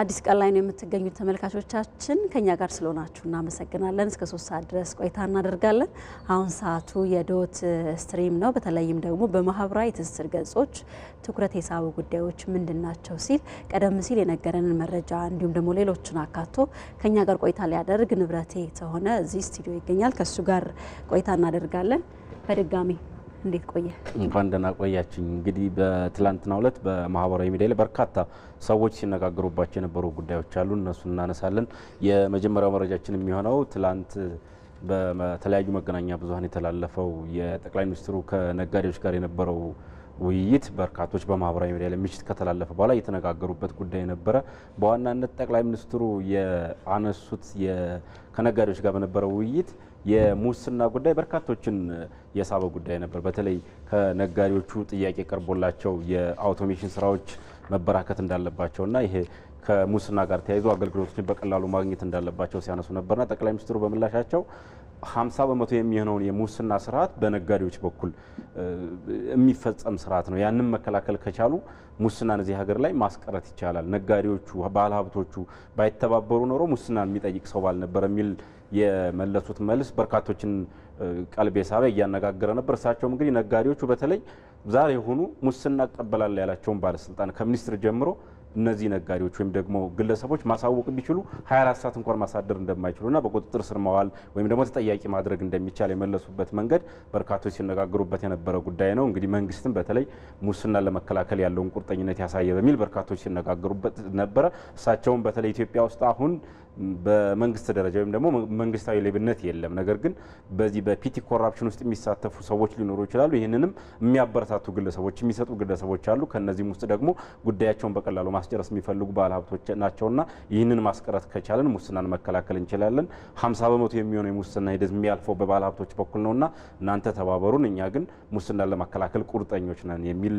አዲስ ቀን ላይ ነው የምትገኙት ተመልካቾቻችን። ከኛ ጋር ስለሆናችሁ እናመሰግናለን። እስከ ሶስት ሰዓት ድረስ ቆይታ እናደርጋለን። አሁን ሰዓቱ የዶት ስትሪም ነው። በተለይም ደግሞ በማህበራዊ ትስስር ገጾች ትኩረት የሳቡ ጉዳዮች ምንድን ናቸው ሲል ቀደም ሲል የነገረንን መረጃ እንዲሁም ደግሞ ሌሎችን አካቶ ከኛ ጋር ቆይታ ሊያደርግ ንብረቴ ተሆነ እዚህ ስቱዲዮ ይገኛል። ከእሱ ጋር ቆይታ እናደርጋለን በድጋሚ እንዴት ቆየ? እንኳን ደህና ቆያችኝ። እንግዲህ በትላንትናው ዕለት በማህበራዊ ሚዲያ ላይ በርካታ ሰዎች ሲነጋገሩባቸው የነበሩ ጉዳዮች አሉ፣ እነሱ እናነሳለን። የመጀመሪያው መረጃችን የሚሆነው ትላንት በተለያዩ መገናኛ ብዙኃን የተላለፈው የጠቅላይ ሚኒስትሩ ከነጋዴዎች ጋር የነበረው ውይይት በርካቶች በማህበራዊ ሚዲያ ላይ ምሽት ከተላለፈ በኋላ የተነጋገሩበት ጉዳይ ነበረ። በዋናነት ጠቅላይ ሚኒስትሩ የአነሱት ከነጋዴዎች ጋር በነበረው ውይይት የሙስና ጉዳይ በርካቶችን የሳበ ጉዳይ ነበር። በተለይ ከነጋዴዎቹ ጥያቄ ቀርቦላቸው የአውቶሜሽን ስራዎች መበራከት እንዳለባቸው እና ይሄ ከሙስና ጋር ተያይዞ አገልግሎቶችን በቀላሉ ማግኘት እንዳለባቸው ሲያነሱ ነበርና ጠቅላይ ሚኒስትሩ በምላሻቸው ሀምሳ በመቶ የሚሆነውን የሙስና ስርዓት በነጋዴዎች በኩል የሚፈጸም ስርዓት ነው። ያንም መከላከል ከቻሉ ሙስናን እዚህ ሀገር ላይ ማስቀረት ይቻላል። ነጋዴዎቹ፣ ባለሀብቶቹ ባይተባበሩ ኖሮ ሙስናን የሚጠይቅ ሰው ባልነበር የሚል የመለሱት መልስ በርካቶችን ቀልብ ሳበ እያነጋገረ ነበር። እሳቸውም እንግዲህ ነጋዴዎቹ በተለይ ዛሬ የሆኑ ሙስና እቀበላለሁ ያላቸውን ባለስልጣን ከሚኒስትር ጀምሮ እነዚህ ነጋዴዎች ወይም ደግሞ ግለሰቦች ማሳወቅ ቢችሉ 24 ሰዓት እንኳን ማሳደር እንደማይችሉና በቁጥጥር ስር መዋል ወይም ደግሞ ተጠያቂ ማድረግ እንደሚቻል የመለሱበት መንገድ በርካቶች ሲነጋገሩበት የነበረ ጉዳይ ነው። እንግዲህ መንግስትም በተለይ ሙስናን ለመከላከል ያለውን ቁርጠኝነት ያሳየ በሚል በርካቶች ሲነጋገሩበት ነበረ። እሳቸውም በተለይ ኢትዮጵያ ውስጥ አሁን በመንግስት ደረጃ ወይም ደግሞ መንግስታዊ ሌብነት የለም። ነገር ግን በዚህ በፒቲ ኮራፕሽን ውስጥ የሚሳተፉ ሰዎች ሊኖሩ ይችላሉ። ይህንንም የሚያበረታቱ ግለሰቦች፣ የሚሰጡ ግለሰቦች አሉ። ከእነዚህም ውስጥ ደግሞ ጉዳያቸውን በቀላሉ ማስጨረስ የሚፈልጉ ባለሀብቶች ናቸውና ይህንን ማስቀረት ከቻለን ሙስናን መከላከል እንችላለን። ሀምሳ በመቶ የሚሆነው የሙስና ሂደት የሚያልፈው በባለሀብቶች በኩል ነውና እናንተ ተባበሩን፣ እኛ ግን ሙስናን ለማከላከል ቁርጠኞች ነን የሚል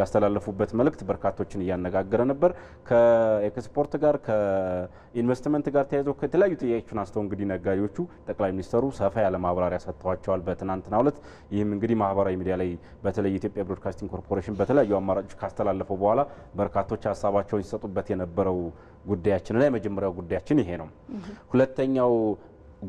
ያስተላለፉበት መልእክት በርካቶችን እያነጋገረ ነበር ከኤክስፖርት ጋር ከኢንቨስትመንት ጋር ተያይዞ ከተለያዩ ጥያቄዎችን አንስተው እንግዲህ ነጋዴዎቹ ጠቅላይ ሚኒስተሩ ሰፋ ያለ ማብራሪያ ሰጥተዋቸዋል በትናንትናው ዕለት። ይህም እንግዲህ ማህበራዊ ሚዲያ ላይ በተለይ የኢትዮጵያ ብሮድካስቲንግ ኮርፖሬሽን በተለያዩ አማራጮች ካስተላለፈው በኋላ በርካቶች ሀሳባቸውን ሲሰጡበት የነበረው ጉዳያችን ላይ የመጀመሪያው ጉዳያችን ይሄ ነው። ሁለተኛው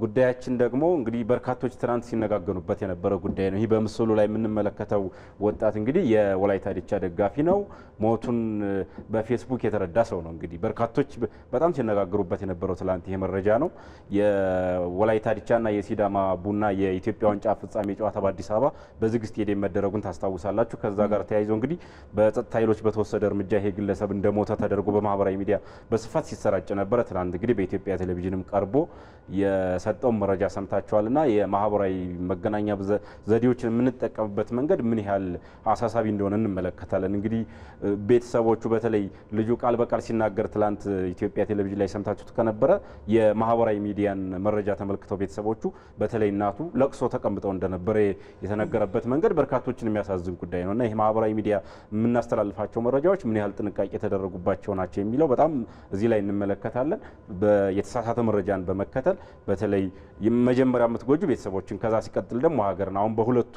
ጉዳያችን ደግሞ እንግዲህ በርካቶች ትናንት ሲነጋገኑበት የነበረ ጉዳይ ነው። ይህ በምስሉ ላይ የምንመለከተው ወጣት እንግዲህ የወላይታ ዲቻ ደጋፊ ነው። ሞቱን በፌስቡክ የተረዳ ሰው ነው። እንግዲህ በርካቶች በጣም ሲነጋገሩበት የነበረው ትናንት ይሄ መረጃ ነው። የወላይታ ዲቻና የሲዳማ ቡና የኢትዮጵያ ዋንጫ ፍጻሜ ጨዋታ በአዲስ አበባ በዝግ ስቴዲየም መደረጉን ታስታውሳላችሁ። ከዛ ጋር ተያይዞ እንግዲህ በጸጥታ ኃይሎች በተወሰደ እርምጃ ይሄ ግለሰብ እንደሞተ ተደርጎ በማህበራዊ ሚዲያ በስፋት ሲሰራጭ ነበረ። ትናንት እንግዲህ በኢትዮጵያ ቴሌቪዥንም ቀርቦ ከሰጠው መረጃ ሰምታችኋልና የማህበራዊ መገናኛ ዘዴዎችን የምንጠቀምበት መንገድ ምን ያህል አሳሳቢ እንደሆነ እንመለከታለን። እንግዲህ ቤተሰቦቹ በተለይ ልጁ ቃል በቃል ሲናገር ትላንት ኢትዮጵያ ቴሌቪዥን ላይ ሰምታችሁት ከነበረ የማህበራዊ ሚዲያን መረጃ ተመልክተው ቤተሰቦቹ በተለይ እናቱ ለቅሶ ተቀምጠው እንደነበረ የተነገረበት መንገድ በርካቶችን የሚያሳዝን ጉዳይ ነው እና ይህ ማህበራዊ ሚዲያ የምናስተላልፋቸው መረጃዎች ምን ያህል ጥንቃቄ የተደረጉባቸው ናቸው የሚለው በጣም እዚህ ላይ እንመለከታለን። የተሳሳተ መረጃን በመከተል በተለይ በተለይ መጀመሪያ የምትጎጁ ቤተሰቦችን ከዛ ሲቀጥል ደግሞ ሀገርን አሁን በሁለቱ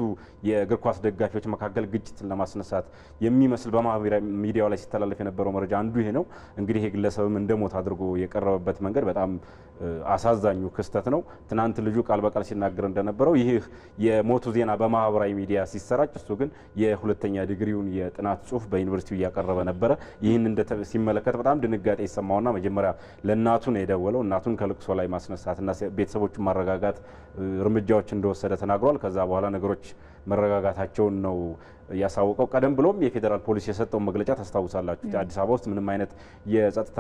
የእግር ኳስ ደጋፊዎች መካከል ግጭትን ለማስነሳት የሚመስል በማህበራዊ ሚዲያው ላይ ሲተላለፍ የነበረው መረጃ አንዱ ይሄ ነው። እንግዲህ ይሄ ግለሰብም እንደ ሞት አድርጎ የቀረበበት መንገድ በጣም አሳዛኙ ክስተት ነው። ትናንት ልጁ ቃል በቃል ሲናገር እንደነበረው ይህ የሞቱ ዜና በማህበራዊ ሚዲያ ሲሰራጭ፣ እሱ ግን የሁለተኛ ዲግሪውን የጥናት ጽሁፍ በዩኒቨርሲቲው እያቀረበ ነበረ። ይህን ሲመለከት በጣም ድንጋጤ የሰማውና መጀመሪያ ለእናቱ ነው የደወለው። እናቱን ከልቅሶ ላይ ማስነሳትና ቤተሰቦቹን ማረጋጋት እርምጃዎች እንደወሰደ ተናግሯል። ከዛ በኋላ ነገሮች መረጋጋታቸውን ነው ያሳወቀው። ቀደም ብሎም የፌዴራል ፖሊስ የሰጠውን መግለጫ ታስታውሳላችሁ። አዲስ አበባ ውስጥ ምንም አይነት የጸጥታ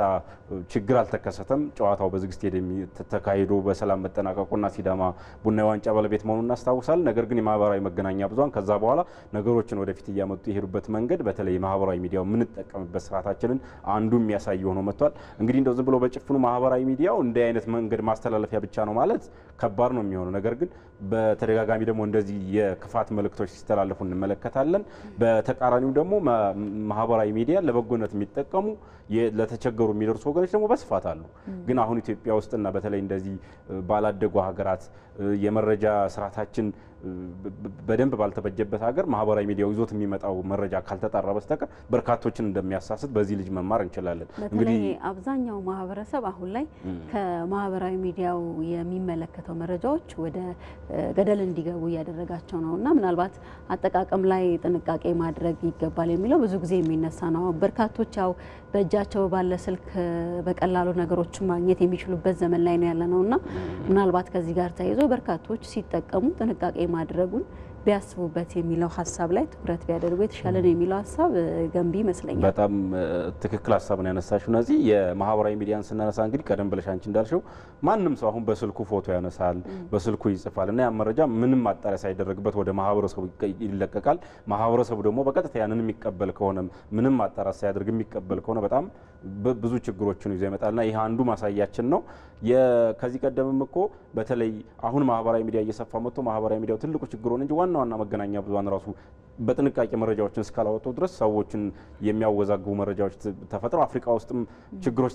ችግር አልተከሰተም፣ ጨዋታው በዝግ ስቴዲየም ተካሂዶ በሰላም መጠናቀቁና ሲዳማ ቡና የዋንጫ ባለቤት መሆኑን እናስታውሳል። ነገር ግን የማህበራዊ መገናኛ ብዙኃን ከዛ በኋላ ነገሮችን ወደፊት እያመጡ የሄዱበት መንገድ በተለይ ማህበራዊ ሚዲያው የምንጠቀምበት ስርዓታችንን አንዱ የሚያሳይ ሆኖ መጥቷል። እንግዲህ እንደው ዝም ብሎ በጭፍኑ ማህበራዊ ሚዲያው እንደ አይነት መንገድ ማስተላለፊያ ብቻ ነው ማለት ከባድ ነው የሚሆነው። ነገር ግን በተደጋጋሚ ደግሞ እንደዚህ የክፋት መልእክቶች ሲተላለፉ እንመለከታለን። በተቃራኒው ደግሞ ማህበራዊ ሚዲያ ለበጎነት የሚጠቀሙ ለተቸገሩ የሚደርሱ ወገኖች ደግሞ በስፋት አሉ። ግን አሁን ኢትዮጵያ ውስጥና በተለይ እንደዚህ ባላደጉ ሀገራት የመረጃ ስርዓታችን በደንብ ባልተበጀበት ሀገር ማህበራዊ ሚዲያው ይዞት የሚመጣው መረጃ ካልተጣራ በስተቀር በርካቶችን እንደሚያሳስት በዚህ ልጅ መማር እንችላለን። እንግዲህ አብዛኛው ማህበረሰብ አሁን ላይ ከማህበራዊ ሚዲያው የሚመለከተው መረጃዎች ወደ ገደል እንዲገቡ እያደረጋቸው ነው እና ምናልባት አጠቃቀም ላይ ጥንቃቄ ማድረግ ይገባል የሚለው ብዙ ጊዜ የሚነሳ ነው። በርካቶች ያው በእጃቸው ባለ ስልክ በቀላሉ ነገሮችን ማግኘት የሚችሉበት ዘመን ላይ ነው ያለ ነው እና ምናልባት ከዚህ ጋር ተያይዞ በርካቶች ሲጠቀሙ ጥንቃቄ ማድረጉን ቢያስቡበት የሚለው ሀሳብ ላይ ትኩረት ቢያደርጉ የተሻለ ነው የሚለው ሀሳብ ገንቢ ይመስለኛል። በጣም ትክክል ሀሳብ ነው ያነሳሽው። እነዚህ የማህበራዊ ሚዲያን ስናነሳ እንግዲህ ቀደም ብለሽ አንቺ እንዳልሽው ማንም ሰው አሁን በስልኩ ፎቶ ያነሳል፣ በስልኩ ይጽፋል እና ያ መረጃ ምንም ማጣሪያ ሳይደረግበት ወደ ማህበረሰቡ ይለቀቃል። ማህበረሰቡ ደግሞ በቀጥታ ያንን የሚቀበል ከሆነ ምንም ማጣሪያ ሳያደርግ የሚቀበል ከሆነ በጣም ብዙ ችግሮችን ይዞ ይመጣልና ይህ አንዱ ማሳያችን ነው። ከዚህ ቀደምም እኮ በተለይ አሁን ማህበራዊ ሚዲያ እየሰፋ መጥቶ ማህበራዊ ሚዲያው ትልቁ ችግር እንጂ ዋና ዋና ዋና መገናኛ ብዙሃን ራሱ በጥንቃቄ መረጃዎችን እስካላወጡ ድረስ ሰዎችን የሚያወዛግቡ መረጃዎች ተፈጥረው አፍሪካ ውስጥም ችግሮች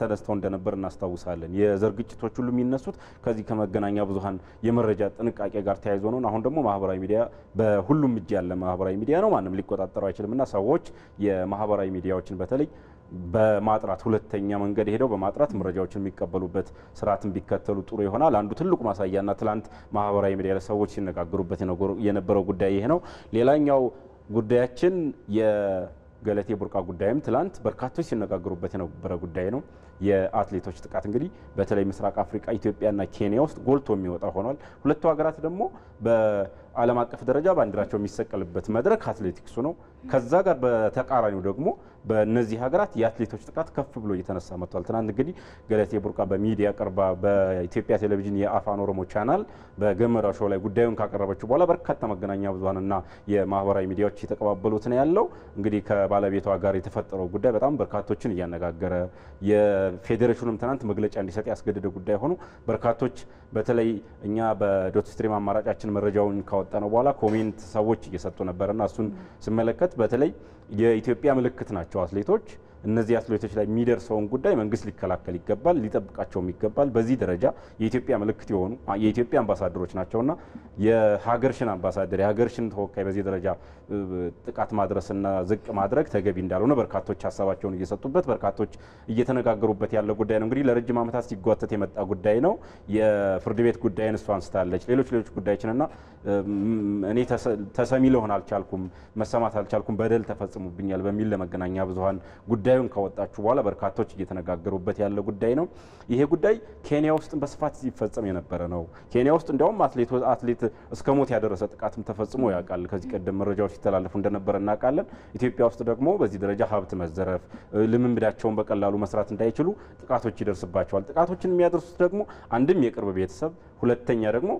ተነስተው እንደነበር እናስታውሳለን። የዘር ግጭቶች ሁሉ የሚነሱት ከዚህ ከመገናኛ ብዙሃን የመረጃ ጥንቃቄ ጋር ተያይዞ ነው። አሁን ደግሞ ማህበራዊ ሚዲያ በሁሉም እጅ ያለ ማህበራዊ ሚዲያ ነው። ማንም ሊቆጣጠረው አይችልም እና ሰዎች የማህበራዊ ሚዲያዎችን በተለይ በማጥራት ሁለተኛ መንገድ ሄደው በማጥራት መረጃዎችን የሚቀበሉበት ስርዓትን ቢከተሉ ጥሩ ይሆናል። አንዱ ትልቁ ማሳያና ትላንት ማህበራዊ ሚዲያ ላይ ሰዎች ሲነጋገሩበት የነበረው ጉዳይ ይሄ ነው። ሌላኛው ጉዳያችን የገለቴ ቡርቃ ጉዳይም ትላንት በርካቶች ሲነጋገሩበት የነበረ ጉዳይ ነው። የአትሌቶች ጥቃት እንግዲህ በተለይ ምስራቅ አፍሪካ ኢትዮጵያና ኬንያ ውስጥ ጎልቶ የሚወጣ ሆኗል። ሁለቱ ሀገራት ደግሞ በዓለም አቀፍ ደረጃ ባንዲራቸው የሚሰቀልበት መድረክ አትሌቲክሱ ነው። ከዛ ጋር በተቃራኒው ደግሞ በእነዚህ ሀገራት የአትሌቶች ጥቃት ከፍ ብሎ እየተነሳ መጥቷል። ትናንት እንግዲህ ገለቴ ቡርቃ በሚዲያ ቀርባ በኢትዮጵያ ቴሌቪዥን የአፋን ኦሮሞ ቻናል በገመራ ሾው ላይ ጉዳዩን ካቀረበችው በኋላ በርካታ መገናኛ ብዙኃንና የማህበራዊ ሚዲያዎች የተቀባበሉት ነው ያለው። እንግዲህ ከባለቤቷ ጋር የተፈጠረው ጉዳይ በጣም በርካቶችን እያነጋገረ ፌዴሬሽኑም ትናንት መግለጫ እንዲሰጥ ያስገደደ ጉዳይ ሆኖ በርካቶች በተለይ እኛ በዶት ስትሪም አማራጫችን መረጃውን ካወጣ ነው በኋላ ኮሜንት ሰዎች እየሰጡ ነበርና እሱን ስመለከት በተለይ የኢትዮጵያ ምልክት ናቸው አትሌቶች እነዚህ አትሌቶች ላይ የሚደርሰውን ጉዳይ መንግስት ሊከላከል ይገባል፣ ሊጠብቃቸውም ይገባል። በዚህ ደረጃ የኢትዮጵያ ምልክት የሆኑ የኢትዮጵያ አምባሳደሮች ናቸውና የሀገርሽን አምባሳደር የሀገርሽን ተወካይ በዚህ ደረጃ ጥቃት ማድረስና ዝቅ ማድረግ ተገቢ እንዳልሆነ በርካቶች ሀሳባቸውን እየሰጡበት በርካቶች እየተነጋገሩበት ያለ ጉዳይ ነው። እንግዲህ ለረጅም ዓመታት ሲጓተት የመጣ ጉዳይ ነው። የፍርድ ቤት ጉዳይን እሷ አንስታለች። ሌሎች ሌሎች ጉዳዮችንና እኔ ተሰሚ ልሆን አልቻልኩም፣ መሰማት አልቻልኩም፣ በደል ተፈጽሙብኛል በሚል ለመገናኛ ብዙሀን ጉዳይ ጉዳዩን ካወጣችሁ በኋላ በርካቶች እየተነጋገሩበት ያለ ጉዳይ ነው። ይሄ ጉዳይ ኬንያ ውስጥ በስፋት ሲፈጸም የነበረ ነው። ኬንያ ውስጥ እንዲያውም አትሌት እስከ ሞት ያደረሰ ጥቃትም ተፈጽሞ ያውቃል። ከዚህ ቀደም መረጃዎች ሲተላለፉ እንደነበረ እናውቃለን። ኢትዮጵያ ውስጥ ደግሞ በዚህ ደረጃ ሀብት መዘረፍ፣ ልምምዳቸውን በቀላሉ መስራት እንዳይችሉ ጥቃቶች ይደርስባቸዋል። ጥቃቶችን የሚያደርሱት ደግሞ አንድም የቅርብ ቤተሰብ፣ ሁለተኛ ደግሞ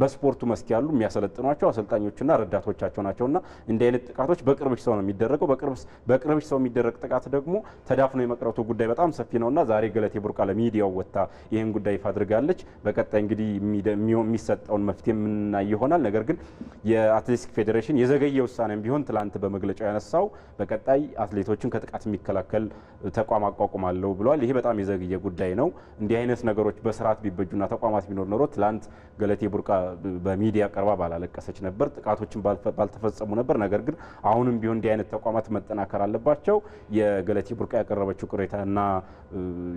በስፖርቱ መስክ ያሉ የሚያሰለጥኗቸው አሰልጣኞችና ረዳቶቻቸው ና እንዲህ አይነት ጥቃቶች በቅርብሽ ሰው ነው የሚደረገው። በቅርብሽ ሰው የሚደረግ ጥቃት ደግሞ ተዳፍኖ የመቅረቱ ጉዳይ በጣም ሰፊ ነውና ዛሬ ገለቴ ቡርቃ ለሚዲያው ወጥታ ይህን ጉዳይ ይፋ አድርጋለች። በቀጣይ እንግዲህ የሚሰጠውን መፍትሄ የምናይ ይሆናል። ነገር ግን የአትሌቲክስ ፌዴሬሽን የዘገየ ውሳኔም ቢሆን ትላንት በመግለጫው ያነሳው በቀጣይ አትሌቶችን ከጥቃት የሚከላከል ተቋም አቋቁማለሁ ብለዋል። ይሄ በጣም የዘገየ ጉዳይ ነው። እንዲህ አይነት ነገሮች በስርዓት ቢበጁና ተቋማት ቢኖር ኖሮ ትላንት ገለቴ ቡርቃ በሚዲያ ቀርባ ባላለቀሰች ነበር፣ ጥቃቶችን ባልተፈጸሙ ነበር። ነገር ግን አሁንም ቢሆን እንዲህ አይነት ተቋማት መጠናከር አለባቸው። የገለቴ ቡርቃ ያቀረበችው ቅሬታ እና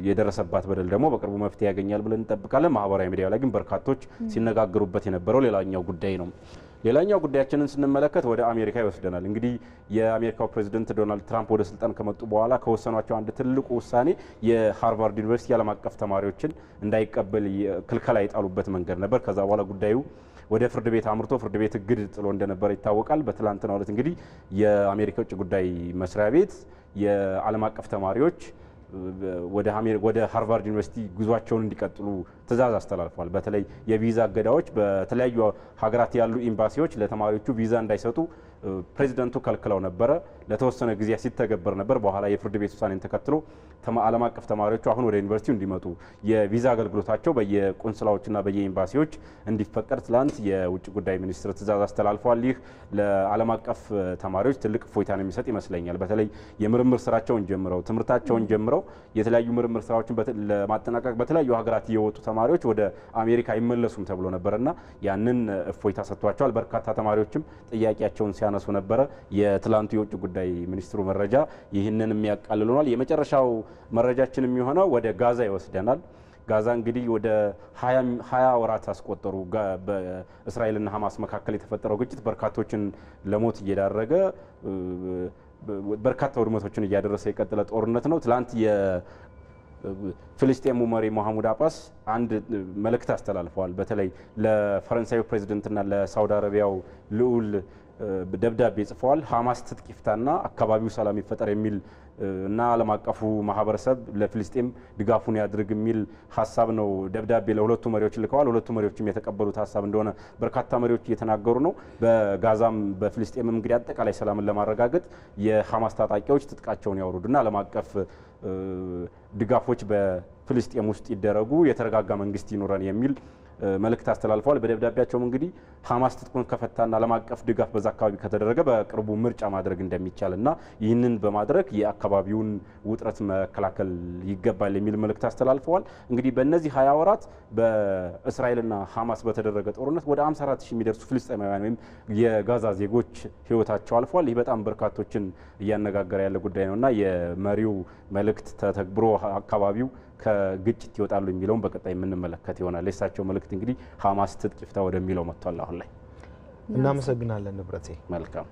የደረሰባት በደል ደግሞ በቅርቡ መፍትሄ ያገኛል ብለን እንጠብቃለን። ማህበራዊ ሚዲያ ላይ ግን በርካቶች ሲነጋገሩበት የነበረው ሌላኛው ጉዳይ ነው። ሌላኛው ጉዳያችንን ስንመለከት ወደ አሜሪካ ይወስደናል። እንግዲህ የአሜሪካው ፕሬዚደንት ዶናልድ ትራምፕ ወደ ስልጣን ከመጡ በኋላ ከወሰኗቸው አንድ ትልቁ ውሳኔ የሃርቫርድ ዩኒቨርሲቲ ዓለም አቀፍ ተማሪዎችን እንዳይቀበል ክልከላ የጣሉበት መንገድ ነበር። ከዛ በኋላ ጉዳዩ ወደ ፍርድ ቤት አምርቶ ፍርድ ቤት እግድ ጥሎ እንደነበረ ይታወቃል። በትላንትናው ዕለት እንግዲህ የአሜሪካ ውጭ ጉዳይ መስሪያ ቤት የዓለም አቀፍ ተማሪዎች ወደ ሃርቫርድ ዩኒቨርሲቲ ጉዟቸውን እንዲቀጥሉ ትዕዛዝ አስተላልፏል። በተለይ የቪዛ እገዳዎች በተለያዩ ሀገራት ያሉ ኤምባሲዎች ለተማሪዎቹ ቪዛ እንዳይሰጡ ፕሬዚደንቱ ከልክለው ነበረ። ለተወሰነ ጊዜ ሲተገበር ነበር። በኋላ የፍርድ ቤት ውሳኔን ተከትሎ ዓለም አቀፍ ተማሪዎቹ አሁን ወደ ዩኒቨርሲቲው እንዲመጡ የቪዛ አገልግሎታቸው በየቆንስላዎችና በየኤምባሲዎች እንዲፈቀድ ትላንት የውጭ ጉዳይ ሚኒስትር ትዕዛዝ አስተላልፏል። ይህ ለዓለም አቀፍ ተማሪዎች ትልቅ እፎይታን የሚሰጥ ይመስለኛል። በተለይ የምርምር ስራቸውን ጀምረው ትምህርታቸውን ጀምረው የተለያዩ ምርምር ስራዎችን ለማጠናቀቅ በተለያዩ ሀገራት የወጡ ተማሪዎች ወደ አሜሪካ አይመለሱም ተብሎ ነበርና ያንን እፎይታ ሰጥቷቸዋል። በርካታ ተማሪዎችም ጥያቄያቸውን ሲያነሱ ነበረ። የትላንቱ የውጭ ጉዳይ ጉዳይ ሚኒስትሩ መረጃ ይህንን የሚያቃልሉናል። የመጨረሻው መረጃችን የሚሆነው ወደ ጋዛ ይወስደናል። ጋዛ እንግዲህ ወደ ሀያ ወራት አስቆጠሩ። በእስራኤልና ሀማስ መካከል የተፈጠረው ግጭት በርካቶችን ለሞት እየዳረገ በርካታ ውድመቶችን እያደረሰ የቀጠለ ጦርነት ነው። ትላንት የፍልስጤሙ መሪ መሐሙድ አባስ አንድ መልእክት አስተላልፈዋል። በተለይ ለፈረንሳዩ ፕሬዚደንትና ለሳውዲ አረቢያው ልዑል ደብዳቤ ጽፈዋል። ሀማስ ትጥቅ ይፍታና አካባቢው ሰላም ይፈጠር የሚል እና ዓለም አቀፉ ማህበረሰብ ለፍልስጤም ድጋፉን ያድርግ የሚል ሀሳብ ነው ደብዳቤ ለሁለቱ መሪዎች ልከዋል። ሁለቱ መሪዎችም የተቀበሉት ሀሳብ እንደሆነ በርካታ መሪዎች እየተናገሩ ነው። በጋዛም በፍልስጤምም እንግዲህ አጠቃላይ ሰላምን ለማረጋገጥ የሀማስ ታጣቂዎች ትጥቃቸውን ያወርዱና ዓለም አቀፍ ድጋፎች በፍልስጤም ውስጥ ይደረጉ፣ የተረጋጋ መንግስት ይኖረን የሚል መልእክት አስተላልፈዋል። በደብዳቤያቸውም እንግዲህ ሀማስ ትጥቁን ከፈታና ዓለም አቀፍ ድጋፍ በዛ አካባቢ ከተደረገ በቅርቡ ምርጫ ማድረግ እንደሚቻል እና ይህንን በማድረግ የአካባቢውን ውጥረት መከላከል ይገባል የሚል መልእክት አስተላልፈዋል። እንግዲህ በእነዚህ ሀያ ወራት በእስራኤልና ሀማስ በተደረገ ጦርነት ወደ 54 ሺህ የሚደርሱ ፍልስጤማውያን ወይም የጋዛ ዜጎች ህይወታቸው አልፏል። ይህ በጣም በርካቶችን እያነጋገረ ያለ ጉዳይ ነው እና የመሪው መልእክት ተተግብሮ አካባቢው ከግጭት ይወጣሉ የሚለውን በቀጣይ የምንመለከት ይሆናል። የእሳቸው መልእክት እንግዲህ ሀማስ ትጥቅ ይፍታ ወደሚለው መጥቷል አሁን ላይ። እናመሰግናለን ንብረቴ። መልካም